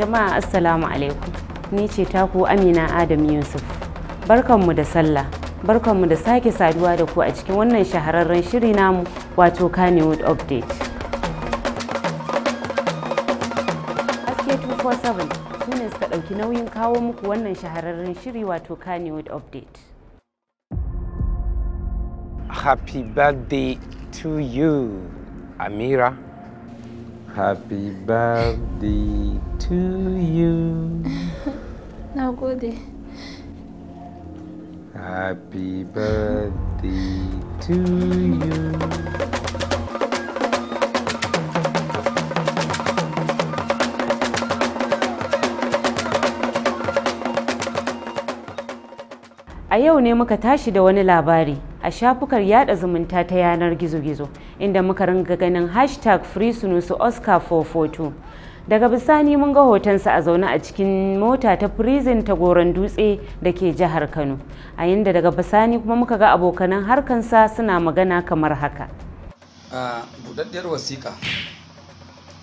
Jama'a Assalamu alaikum. Ni ce taku Amina Adam Yusuf. Barkanmu da sallah. Barkanmu da sake saduwa da ku a cikin wannan shahararren shiri namu wato kanewood Update. Aske 247 su ne suka ɗauki nauyin kawo muku wannan shahararren shiri wato kanewood Update. Happy birthday to you, Amira. Happy birthday to you. Na gode. Happy birthday to you. A yau ne muka tashi da wani labari a shafukar yada zumunta ta yanar gizo-gizo inda muka ringa ganin hashtag FreeSunusu Oscar 442. daga bisani mun ga hotonsa a zaune a cikin mota ta prison ta goron dutse da ke jihar kano a yadda daga bisani kuma muka ga abokanan harkansa suna magana kamar haka a budaddiyar wasiƙa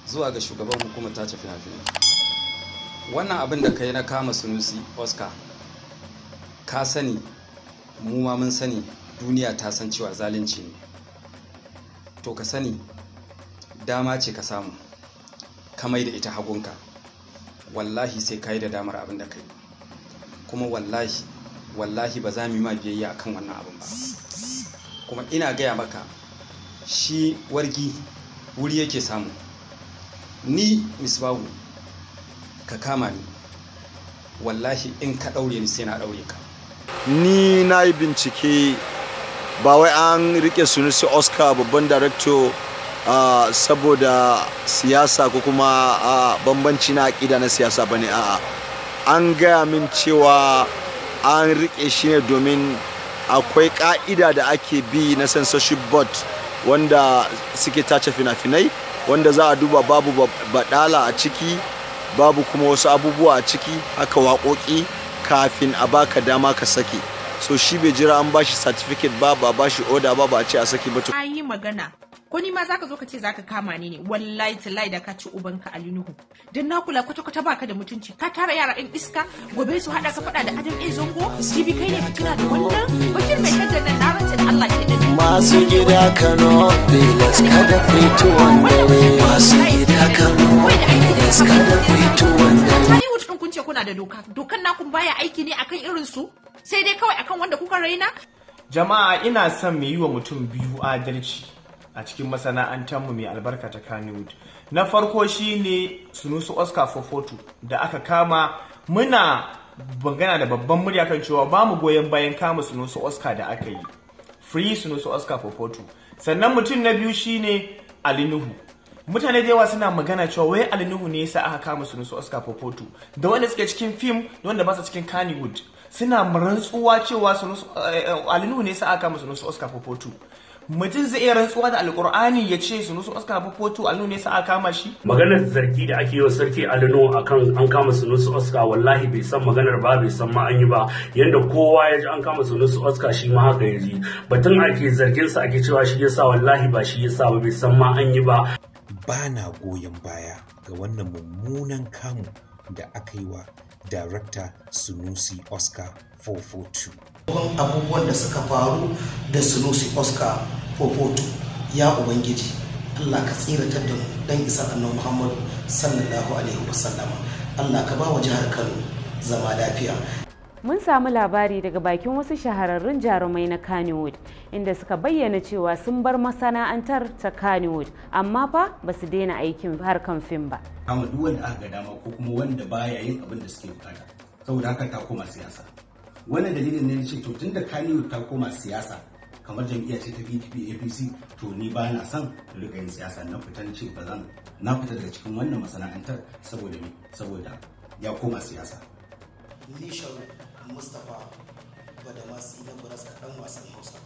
zuwa ga shugaban hukumar tafi fina-finai wannan abin da kai na kama sunusi oscar ka sani mu ma mun sani duniya ta san cewa zalunci ne to ka sani dama ce ka samu ka mai da ita hagunka wallahi sai ka yi da damar abin da ka yi, kuma wallahi wallahi ba za mu yi ma biyayya akan wannan abin ba kuma ina gaya maka shi wargi wuri yake samu ni misbahu ka kama ni wallahi in ka ɗaure ni sai na ɗaure ka ni na yi bincike ba wai an rike sunusi oscar babban director uh, saboda siyasa ko kuma uh, bambanci na aƙida na siyasa ba ne a'a an gaya min cewa an riƙe shi ne domin akwai ƙa'ida da ake bi na censorship board wanda suke tace fina-finai wanda za a duba babu baɗala a ciki babu kuma wasu abubuwa a ciki haka waƙoƙi kafin a baka dama ka sake so shi bai jira an bashi certificate ba ba bashi oda ba ba a ce a saki ba to magana ko ni ma zaka zo ka ce zaka kama ni ne wallahi tallahi da ka ci ubanka a linuhu dan na kula kwata kwata baka da mutunci ka tara yara din iska gobe su hada ka fada da adam a zongo jibi kai ne fitina da wannan bakin mai kaddar nan na rantsa da Allah ke da masu gida Kano bilas kada fito dare masu gida Kano bilas kada fito dare Hollywood wutun kun ce kuna da doka dokan na kun baya aiki ne akan irin su sai dai kawai akan wanda kuka raina jama'a ina son mu yi wa mutum biyu adalci a cikin masana'antar mu mai albarka ta Kannywood. Na farko shi ne Sunusu Oscar photo da aka kama muna bangana da babban murya kan cewa ba mu goyon bayan kama Sunusu Oscar da aka yi. Free Sunusu Oscar photo. Sannan mutum na biyu shine Ali Nuhu. Mutane da yawa suna magana cewa wai Ali Nuhu ne yasa aka kama Sunusu Oscar photo? da wanda suke cikin fim da wanda ba su cikin Kannywood. Suna rantsuwa cewa eh, eh, Ali Nuhu ne yasa aka kama Sunusu Oscar photo. mutum zai iya rantsuwa da alkur'ani ya ce nusu oscar fofoto alnu ne sa a kama shi maganar zargi da ake yi wa sarki alnu akan an kama nusu oscar wallahi bai san maganar ba bai san ma an ba yanda kowa ya ji an kama nusu oscar shi ma haka ya ji batun ake zargin sa ake cewa shi yasa wallahi ba shi yasa ba bai san ma an yi ba ba na goyon baya ga wannan mummunan kamu da aka yi wa Director Sunusi Oscar 442. abubuwan da suka faru da Sunusi Oscar 442 ya Ubangiji Allah ka tsiratar da dan isa annabi Muhammadu sallallahu alaihi wasallama Allah ka ba wa jihar Kano zama lafiya mun samu labari daga bakin wasu shahararrun jarumai na Kannywood inda suka bayyana cewa sun bar masana'antar ta Kannywood amma fa ba su daina aikin harkan fim ba. Kama duk wanda aka ga dama ko kuma wanda baya yin abin da suke bukata saboda haka ta koma siyasa. Wannan dalilin ne ce to tunda Kannywood ta koma siyasa kamar jam'iyya ce ta PDP APC to ni ba na son rika yin siyasa na fita ce ba zan na fita daga cikin wannan masana'antar saboda saboda ya koma siyasa. nishan mustapha badamasi na a dan wasan hausa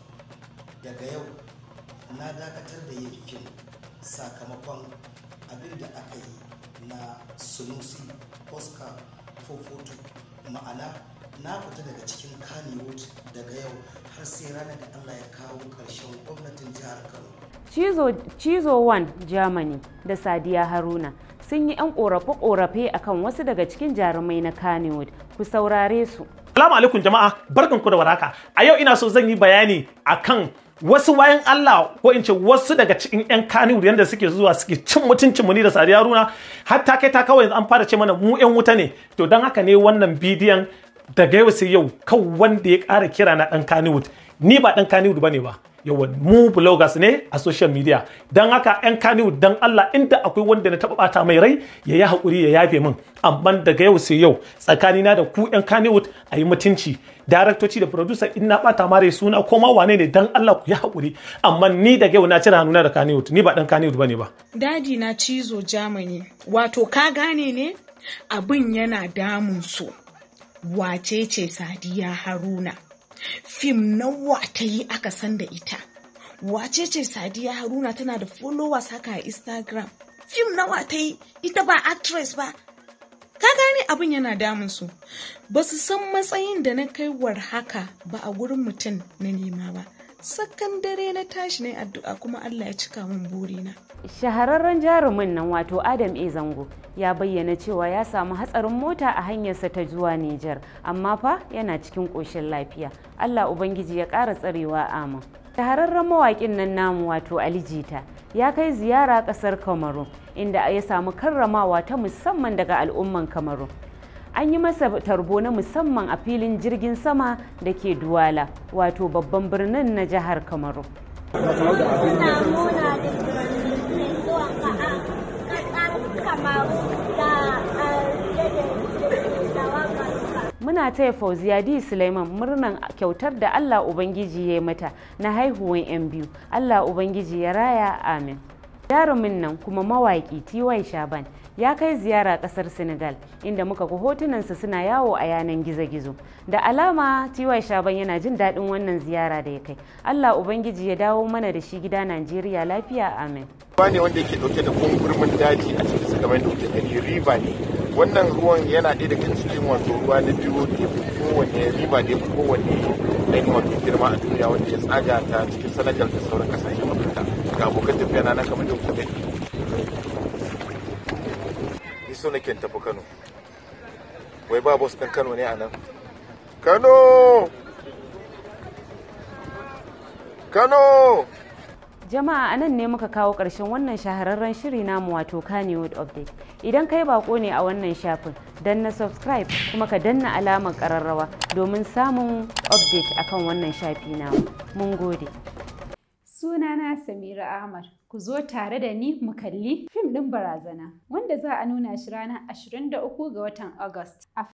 daga yau na dakatar da yin fim sakamakon abin da aka yi na sunusi oscar fofoto ma'ana na fita daga cikin kanewood daga yau har sai rana da allah ya kawo ƙarshen gwamnatin jihar kano cizo 1 germany da sadiya haruna sun yi 'yan ƙorafe korafe akan wasu daga cikin jarumai na kanewood ku saurare su. Salamu alaikum jama'a ku da waraka. A yau ina so zan yi bayani akan wasu wayan Allah ko in ce wasu daga cikin yan kaniwur yanda suke zuwa suke cin mutuncin mu ni da Sadiya Haruna hatta kai ta kawai an fara ce mana mu yan wuta ne to dan haka ne wannan bidiyon daga yau sai yau kan wanda ya kara kira na dan Kannywood ni ba ɗan dan ba ne ba yawa mu bloggers ne a social media don haka yan kaniwu don Allah inda akwai wanda na taɓa bata mai rai ya yi hakuri ya yafe min amma daga yau sai yau tsakani na da ku yan kaniwu a yi mutunci daraktoci da producer in na bata mare suna ko ma wane ne don Allah ku yi hakuri amma ni daga yau na cire hannuna da kaniwu ni ba dan ba ne ba daji na cizo Germany wato ka gane ne abin yana damun su wace ce Sadiya Haruna fim nawa ta yi aka san da ita wace ce sadiya haruna tana da followers haka a instagram fim nawa ta yi ita ba actress ba ka gane abin yana damun su ba su san matsayin da na kaiwar haka ba a gurin mutum na nema ba sakan dare na tashi na addu'a kuma Allah ya cika min burina. Shahararren jarumin nan wato Adam A. Zango ya bayyana cewa ya samu hatsarin mota a hanyarsa ta zuwa Nijar, amma fa yana cikin ƙoshin lafiya. Allah Ubangiji ya ƙara tsarewa amin. Shahararren mawaƙin nan namu wato Ali Jita ya kai ziyara ƙasar Kamaru inda ya samu karramawa ta musamman daga al'umman Kamaru. an yi masa tarbo na musamman a filin jirgin sama da ke duwala wato babban birnin na jihar kamaru muna taya fauziya di suleiman murnan kyautar da allah ubangiji ya yi mata na haihuwan 'yan biyu allah ubangiji ya raya amin Jarumin nan kuma mawaƙi T.Y. Shaban ya kai ziyara kasar Senegal inda muka ga hotunansa suna yawo a yanan gizo-gizo. Da alama T.Y. Shaban yana jin daɗin wannan ziyara da ya kai. Allah Ubangiji ya dawo mana da shi gida Najeriya lafiya amin. Ruwa ne wanda yake dauke da kumburmin daji a cikin da gani riba ne. Wannan ruwan yana ɗaya daga cikin wato ruwa na biyu da kowane riba da kowanne ɗan wato girma a duniya wanda ya tsaga ta cikin Senegal da sauran ƙasashen Afirka. ga abokan tafiya na kamar da kuɗi ni so nake tafi kano wai ba bus ɗin kano ne a nan kano kano jama'a anan ne muka kawo ƙarshen wannan shahararren shiri namu wato kanewood update idan kai bako ne a wannan shafin dan na subscribe kuma ka danna alamar ƙararrawa domin samun update akan wannan shafi namu mun gode Sunana Samira Ahmad. Ku zo tare da ni mu kalli fim ɗin barazana wanda za a nuna shi ranar 23 ga watan August.